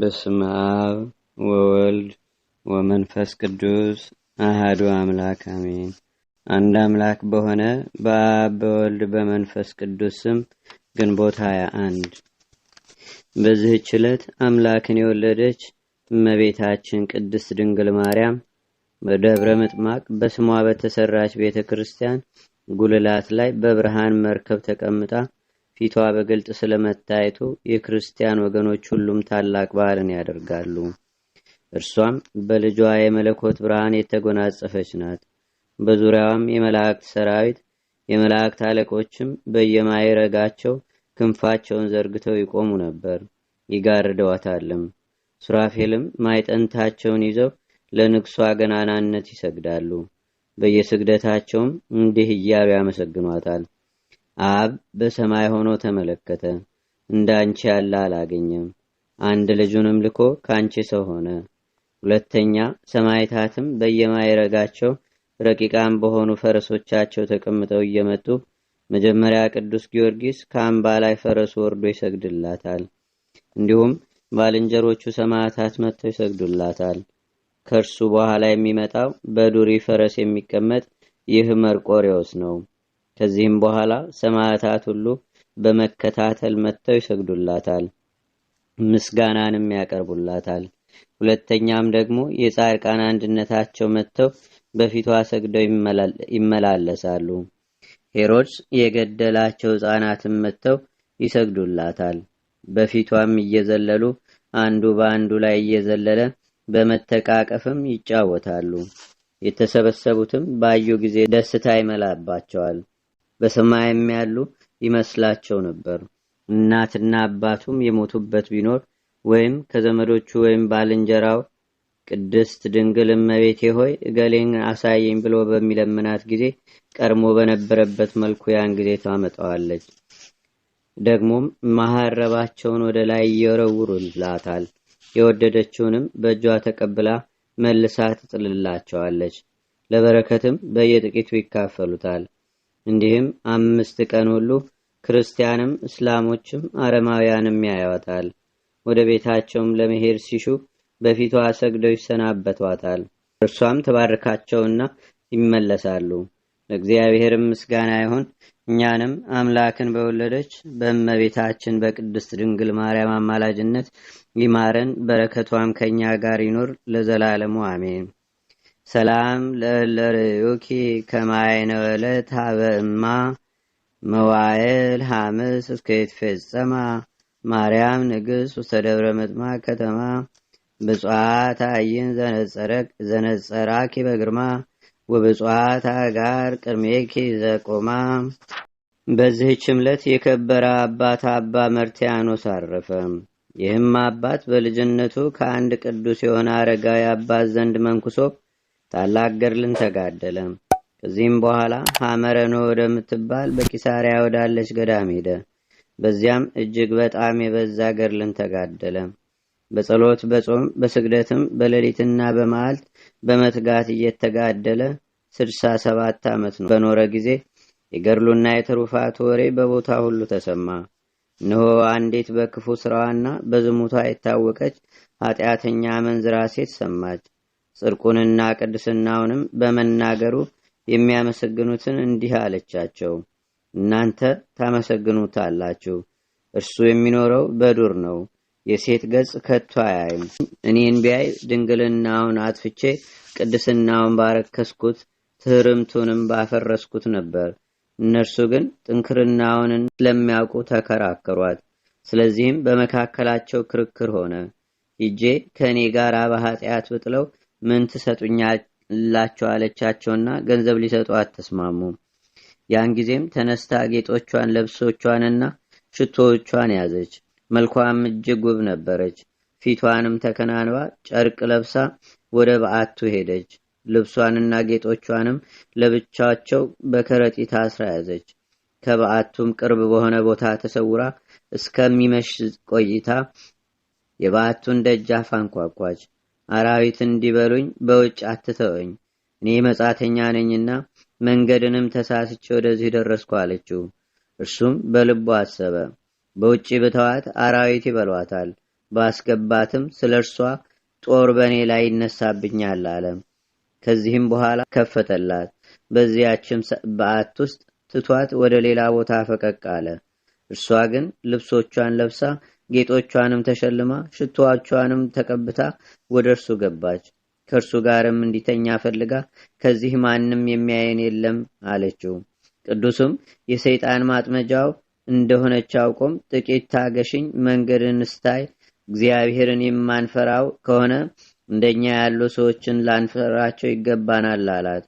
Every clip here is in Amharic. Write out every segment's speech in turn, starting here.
በስመ አብ ወወልድ ወመንፈስ ቅዱስ አህዱ አምላክ አሜን። አንድ አምላክ በሆነ በአብ በወልድ በመንፈስ ቅዱስ ስም ግንቦት ሀያ አንድ በዚህች ዕለት አምላክን የወለደች እመቤታችን ቅድስት ድንግል ማርያም በደብረ ምጥማቅ በስሟ በተሰራች ቤተ ክርስቲያን ጉልላት ላይ በብርሃን መርከብ ተቀምጣ ፊቷ በግልጥ ስለመታየቱ የክርስቲያን ወገኖች ሁሉም ታላቅ በዓልን ያደርጋሉ። እርሷም በልጇ የመለኮት ብርሃን የተጎናጸፈች ናት። በዙሪያዋም የመላእክት ሰራዊት የመላእክት አለቆችም በየማይረጋቸው ክንፋቸውን ዘርግተው ይቆሙ ነበር፣ ይጋርደዋታልም። ሱራፌልም ማይጠንታቸውን ይዘው ለንግሷ ገናናነት ይሰግዳሉ። በየስግደታቸውም እንዲህ እያሉ ያመሰግኗታል። አብ በሰማይ ሆኖ ተመለከተ፣ እንዳንቺ ያለ አላገኘም። አንድ ልጁንም ልኮ ከአንቺ ሰው ሆነ። ሁለተኛ ሰማይታትም በየማይረጋቸው ረቂቃን በሆኑ ፈረሶቻቸው ተቀምጠው እየመጡ መጀመሪያ ቅዱስ ጊዮርጊስ ከአምባ ላይ ፈረሱ ወርዶ ይሰግድላታል። እንዲሁም ባልንጀሮቹ ሰማዕታት መጥተው ይሰግዱላታል። ከእርሱ በኋላ የሚመጣው በዱሪ ፈረስ የሚቀመጥ ይህ መርቆሪዎስ ነው። ከዚህም በኋላ ሰማዕታት ሁሉ በመከታተል መጥተው ይሰግዱላታል፣ ምስጋናንም ያቀርቡላታል። ሁለተኛም ደግሞ የጻድቃን አንድነታቸው መጥተው በፊቷ ሰግደው ይመላለሳሉ። ሄሮድስ የገደላቸው ሕፃናትም መጥተው ይሰግዱላታል። በፊቷም እየዘለሉ አንዱ በአንዱ ላይ እየዘለለ በመተቃቀፍም ይጫወታሉ። የተሰበሰቡትም ባዩ ጊዜ ደስታ ይመላባቸዋል። በሰማይም ያሉ ይመስላቸው ነበር። እናትና አባቱም የሞቱበት ቢኖር ወይም ከዘመዶቹ ወይም ባልንጀራው ቅድስት ድንግል እመቤቴ ሆይ እገሌን አሳየኝ ብሎ በሚለምናት ጊዜ ቀድሞ በነበረበት መልኩ ያን ጊዜ ታመጣዋለች። ደግሞም መሐረባቸውን ወደ ላይ ይወረውሩላታል። የወደደችውንም በእጇ ተቀብላ መልሳ ትጥልላቸዋለች። ለበረከትም በየጥቂቱ ይካፈሉታል። እንዲህም አምስት ቀን ሁሉ ክርስቲያንም እስላሞችም አረማውያንም ያያወታል ወደ ቤታቸውም ለመሄድ ሲሹ በፊቷ ሰግደው ይሰናበቷታል። እርሷም ተባርካቸውና ይመለሳሉ። ለእግዚአብሔርም ምስጋና ይሆን እኛንም አምላክን በወለደች በእመቤታችን በቅድስት ድንግል ማርያም አማላጅነት ይማረን፣ በረከቷም ከእኛ ጋር ይኖር ለዘላለሙ አሜን። ሰላም ለለርዩኪ ከማይነ ዕለት መዋየል እማ መዋዕል ሐምስ ማርያም ንግሥት ውስተ ደብረ ምጥማቅ ከተማ ብፅዋት አይን ዘነጸራኪ በግርማ ወብፅዋት አጋር ቅድሜኪ ዘቆማ። በዚህ ችምለት የከበረ አባት አባ መርቲያኖስ አረፈ። ይህም አባት በልጅነቱ ከአንድ ቅዱስ የሆነ አረጋዊ አባት ዘንድ መንኩሶ ታላቅ ገድልን ተጋደለ። ከዚህም በኋላ ሐመረ ኖህ ወደምትባል በቂሳሪያ ወዳለች ገዳም ሄደ። በዚያም እጅግ በጣም የበዛ ገድልን ተጋደለ። በጸሎት በጾም በስግደትም በሌሊትና በመዓልት በመትጋት እየተጋደለ ስድሳ ሰባት ዓመት ነው በኖረ ጊዜ የገድሉና የትሩፋቱ ወሬ በቦታ ሁሉ ተሰማ። እነሆ አንዲት በክፉ ስራዋና በዝሙቷ የታወቀች ኃጢአተኛ መንዝራ ሴት ሰማች። ጽድቁንና ቅድስናውንም በመናገሩ የሚያመሰግኑትን እንዲህ አለቻቸው፣ እናንተ ታመሰግኑታላችሁ። እርሱ የሚኖረው በዱር ነው፣ የሴት ገጽ ከቶ አያይም። እኔን ቢያይ ድንግልናውን አጥፍቼ ቅድስናውን ባረከስኩት፣ ትሕርምቱንም ባፈረስኩት ነበር። እነርሱ ግን ጥንክርናውን ስለሚያውቁ ተከራከሯት። ስለዚህም በመካከላቸው ክርክር ሆነ። ይጄ ከእኔ ጋር በኃጢአት ብጥለው ምን ትሰጡኛላችሁ አለቻቸውና ገንዘብ ሊሰጡ አትስማሙ። ያን ጊዜም ተነስታ ጌጦቿን፣ ልብሶቿንና ሽቶዎቿን ያዘች። መልኳም እጅግ ውብ ነበረች። ፊቷንም ተከናንባ ጨርቅ ለብሳ ወደ በአቱ ሄደች። ልብሷንና ጌጦቿንም ለብቻቸው በከረጢት አስራ ያዘች። ከበአቱም ቅርብ በሆነ ቦታ ተሰውራ እስከሚመሽ ቆይታ የበአቱን ደጃፍ አንኳኳች። አራዊት እንዲበሉኝ በውጭ አትተወኝ፣ እኔ መጻተኛ ነኝና መንገድንም ተሳስቼ ወደዚህ ደረስኩ አለችው። እርሱም በልቡ አሰበ፣ በውጭ ብተዋት አራዊት ይበሏታል፣ ባስገባትም ስለ እርሷ ጦር በእኔ ላይ ይነሳብኛል አለ። ከዚህም በኋላ ከፈተላት። በዚያችም በዓት ውስጥ ትቷት ወደ ሌላ ቦታ ፈቀቅ አለ። እርሷ ግን ልብሶቿን ለብሳ ጌጦቿንም ተሸልማ ሽቶዋቿንም ተቀብታ ወደ እርሱ ገባች። ከእርሱ ጋርም እንዲተኛ ፈልጋ ከዚህ ማንም የሚያየን የለም አለችው። ቅዱስም የሰይጣን ማጥመጃው እንደሆነች አውቆም ጥቂት ታገሽኝ፣ መንገድን ስታይ እግዚአብሔርን የማንፈራው ከሆነ እንደኛ ያሉ ሰዎችን ላንፈራቸው ይገባናል አላት።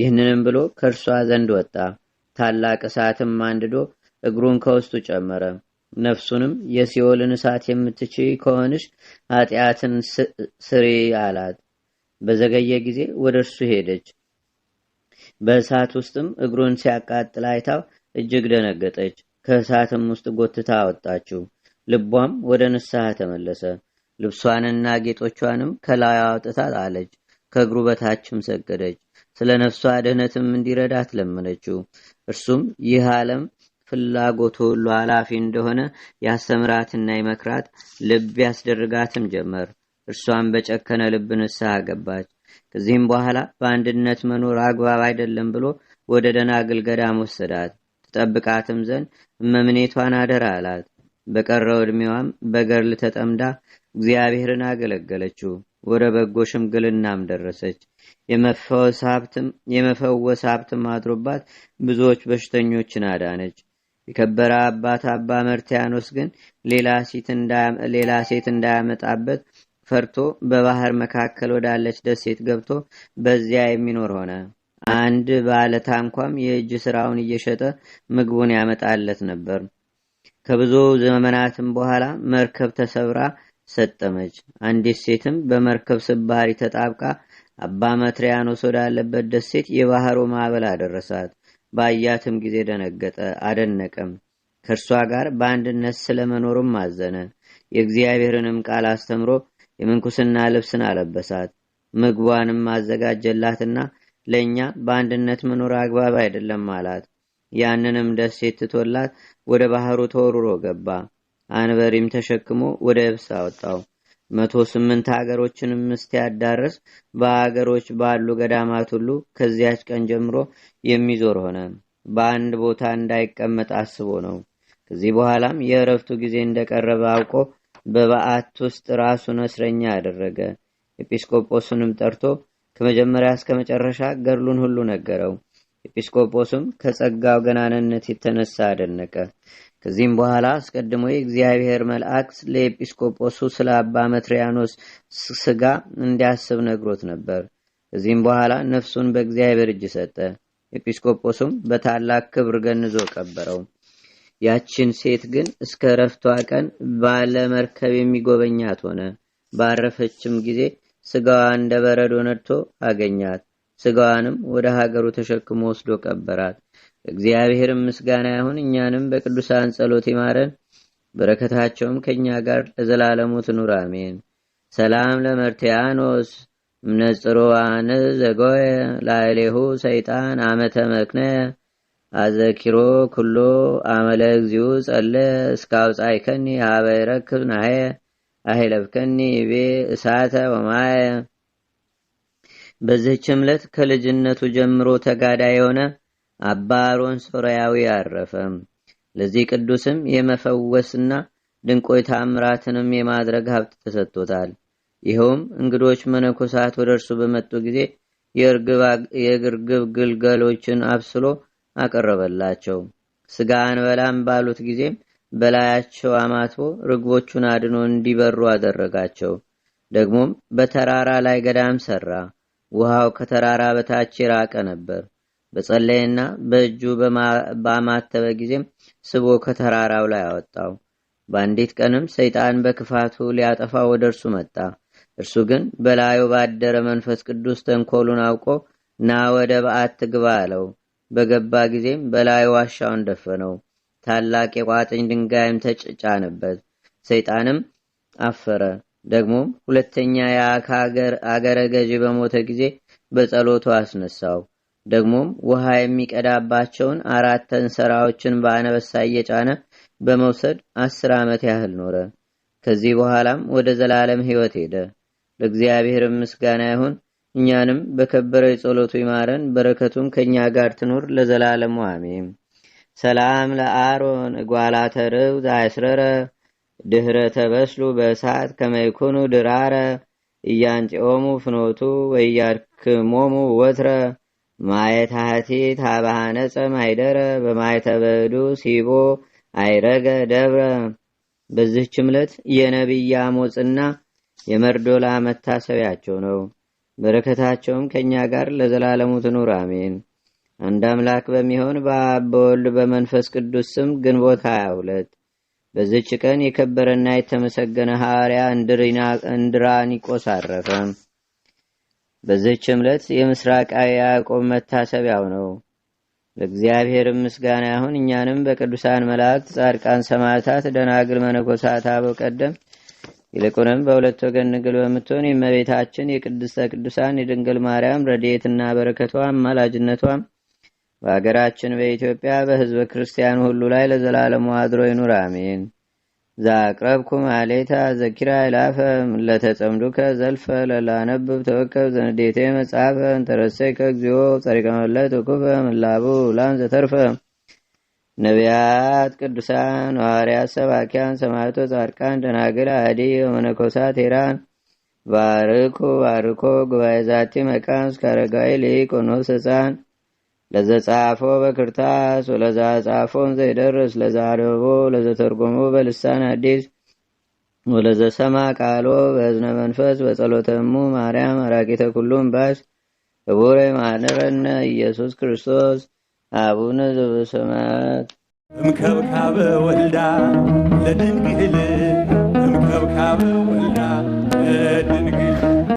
ይህንንም ብሎ ከእርሷ ዘንድ ወጣ። ታላቅ እሳትም አንድዶ እግሩን ከውስጡ ጨመረ። ነፍሱንም የሲኦልን እሳት የምትችይ ከሆንሽ ኃጢአትን ስሪ አላት። በዘገየ ጊዜ ወደ እርሱ ሄደች። በእሳት ውስጥም እግሩን ሲያቃጥል አይታው እጅግ ደነገጠች። ከእሳትም ውስጥ ጎትታ አወጣችው። ልቧም ወደ ንስሐ ተመለሰ። ልብሷንና ጌጦቿንም ከላዩ አውጥታ ጣለች። ከእግሩ በታችም ሰገደች። ስለ ነፍሷ ድህነትም እንዲረዳት ለመነችው። እርሱም ይህ ዓለም ፍላጎቱ ሁሉ ኃላፊ እንደሆነ ያስተምራትና ይመክራት፣ ልብ ያስደርጋትም ጀመር። እርሷን በጨከነ ልብ ንስሐ ገባች። ከዚህም በኋላ በአንድነት መኖር አግባብ አይደለም ብሎ ወደ ደናግል ገዳም ወሰዳት። ትጠብቃትም ዘንድ እመምኔቷን አደር አላት። በቀረው ዕድሜዋም በገርል ተጠምዳ እግዚአብሔርን አገለገለችው። ወደ በጎ ሽምግልናም ደረሰች። የመፈወስ ሀብትም አድሮባት ብዙዎች በሽተኞችን አዳነች። የከበረ አባት አባ መርቲያኖስ ግን ሌላ ሴት እንዳያመጣበት ፈርቶ በባህር መካከል ወዳለች ደሴት ገብቶ በዚያ የሚኖር ሆነ። አንድ ባለ ታንኳም የእጅ ስራውን እየሸጠ ምግቡን ያመጣለት ነበር። ከብዙ ዘመናትም በኋላ መርከብ ተሰብራ ሰጠመች። አንዲት ሴትም በመርከብ ስባሪ ተጣብቃ አባ መትሪያኖስ ወዳለበት ደሴት የባህሩ ማዕበል አደረሳት። ባያትም ጊዜ ደነገጠ፣ አደነቀም። ከእርሷ ጋር በአንድነት ስለመኖሩም አዘነ። የእግዚአብሔርንም ቃል አስተምሮ የምንኩስና ልብስን አለበሳት። ምግቧንም አዘጋጀላትና ለእኛ በአንድነት መኖር አግባብ አይደለም አላት። ያንንም ደሴት ትቶላት ወደ ባህሩ ተወርሮ ገባ። አንበሪም ተሸክሞ ወደ እብስ አወጣው። መቶ ስምንት ሀገሮችንም እስኪያዳርስ በሀገሮች ባሉ ገዳማት ሁሉ ከዚያች ቀን ጀምሮ የሚዞር ሆነ። በአንድ ቦታ እንዳይቀመጥ አስቦ ነው። ከዚህ በኋላም የእረፍቱ ጊዜ እንደቀረበ አውቆ በበዓት ውስጥ ራሱን እስረኛ አደረገ። ኤጲስቆጶስንም ጠርቶ ከመጀመሪያ እስከ መጨረሻ ገድሉን ሁሉ ነገረው። ኤጲስቆጶስም ከጸጋው ገናንነት የተነሳ አደነቀ። ከዚህም በኋላ አስቀድሞ የእግዚአብሔር መልአክ ለኤጲስቆጶሱ ስለ አባ መትሪያኖስ ስጋ እንዲያስብ ነግሮት ነበር። ከዚህም በኋላ ነፍሱን በእግዚአብሔር እጅ ሰጠ። ኤጲስቆጶስም በታላቅ ክብር ገንዞ ቀበረው። ያችን ሴት ግን እስከ እረፍቷ ቀን ባለመርከብ የሚጎበኛት ሆነ። ባረፈችም ጊዜ ስጋዋ እንደ በረዶ ነድቶ አገኛት። ስጋዋንም ወደ ሀገሩ ተሸክሞ ወስዶ ቀበራት። እግዚአብሔር ምስጋና ይሁን። እኛንም በቅዱሳን ጸሎት ይማረን፣ በረከታቸውም ከእኛ ጋር ለዘላለሙ ትኑር አሜን። ሰላም ለመርቲያኖስ እምነጽሮ አነ ዘጎየ ላይሌሁ ሰይጣን አመተ መክነ አዘኪሮ ኩሎ አመለ እግዚኡ ጸለ ከኒ ሀበይ ረክብ ናሄ አሄለብከኒ ቤ እሳተ ወማየ በዚህችም ዕለት ከልጅነቱ ጀምሮ ተጋዳይ የሆነ አባ አሮን ሶርያዊ አረፈ። ለዚህ ቅዱስም የመፈወስና ድንቆይ ታምራትንም የማድረግ ሀብት ተሰጥቶታል። ይኸውም እንግዶች መነኮሳት ወደ እርሱ በመጡ ጊዜ የእርግብ ግልገሎችን አብስሎ አቀረበላቸው። ስጋ አንበላም ባሉት ጊዜም በላያቸው አማትቦ ርግቦቹን አድኖ እንዲበሩ አደረጋቸው። ደግሞም በተራራ ላይ ገዳም ሰራ። ውሃው ከተራራ በታች የራቀ ነበር። በጸለየና በእጁ በማተበ ጊዜም ስቦ ከተራራው ላይ አወጣው። በአንዲት ቀንም ሰይጣን በክፋቱ ሊያጠፋ ወደ እርሱ መጣ። እርሱ ግን በላዩ ባደረ መንፈስ ቅዱስ ተንኮሉን አውቆ ና ወደ በዓት ግባ አለው። በገባ ጊዜም በላዩ ዋሻውን ደፈነው። ታላቅ የቋጥኝ ድንጋይም ተጭጫነበት። ሰይጣንም አፈረ። ደግሞም ሁለተኛ የአካ አገረ ገዢ በሞተ ጊዜ በጸሎቱ አስነሳው። ደግሞም ውሃ የሚቀዳባቸውን አራት እንስራዎችን በአነበሳ እየጫነ በመውሰድ አስር ዓመት ያህል ኖረ። ከዚህ በኋላም ወደ ዘላለም ሕይወት ሄደ። ለእግዚአብሔር ምስጋና ይሁን። እኛንም በከበረ የጸሎቱ ይማረን፣ በረከቱም ከእኛ ጋር ትኑር ለዘላለሙ አሜን። ሰላም ለአሮን እጓላተ ዛይስረረ ድህረ ተበስሉ በእሳት ከመይኩኑ ድራረ እያንጭኦሙ ፍኖቱ ወያክሞሙ ወትረ ማየት ታባሃነፀ ማይደረ በማይተበዱ ሲቦ አይረገ ደብረ በዚህ ችምለት የነቢይ አሞጽና የመርዶላ መታሰቢያቸው ነው። በረከታቸውም ከእኛ ጋር ለዘላለሙ ትኑር አሜን። አንድ አምላክ በሚሆን በአብ በወልድ በመንፈስ ቅዱስ ስም ግንቦት 22 በዝች ቀን የከበረና የተመሰገነ ሐዋርያ እንድራኒቆስ አረፈ። በዚች እምለት የምስራቃዊ ያዕቆብ መታሰቢያው ነው። ለእግዚአብሔር ምስጋና ይሁን። እኛንም በቅዱሳን መላእክት፣ ጻድቃን፣ ሰማዕታት፣ ደናግል፣ መነኮሳት፣ አበው ቀደም ይልቁንም በሁለት ወገን ንግል በምትሆን የእመቤታችን የቅድስተ ቅዱሳን የድንግል ማርያም ረድኤትና በረከቷ አማላጅነቷም በአገራችን በኢትዮጵያ በህዝበ ክርስቲያኑ ሁሉ ላይ ለዘላለሙ አድሮ ይኑር አሜን። ዛቅረብኩ ማሌታ ዘኪራ ይላፈ ለተጸምዱከ ዘልፈ ለላነብብ ተወከብ ዘንዴቴ መጽሐፈ እንተረሰይከ እግዚኦ ጸሪቀመለት ኩፈ ምላቡ ላም ዘተርፈ ነቢያት፣ ቅዱሳን፣ ሐዋርያት፣ ሰባኪያን፣ ሰማቶ ጻድቃን፣ ደናግል፣ አዲ ወመነኮሳት ሄራን ባርኩ ባርኮ ጉባኤ ዛቲ መቃን እስከ አረጋዊ ህፃን ለዘጻፎ በክርታስ ወለዛ ጻፎን ዘይደርስ ለዛ ለዘተርጎሞ በልሳን አዲስ ወለዘሰማ ቃሎ በእዝነ መንፈስ በጸሎተሙ ማርያም አራቂተ ኩሉም ባስ ክቡረ ማንረነ ኢየሱስ ክርስቶስ አቡነ ዘበሰማት እምከብካበ ወልዳ ለድንግል እምከብካበ ወልዳ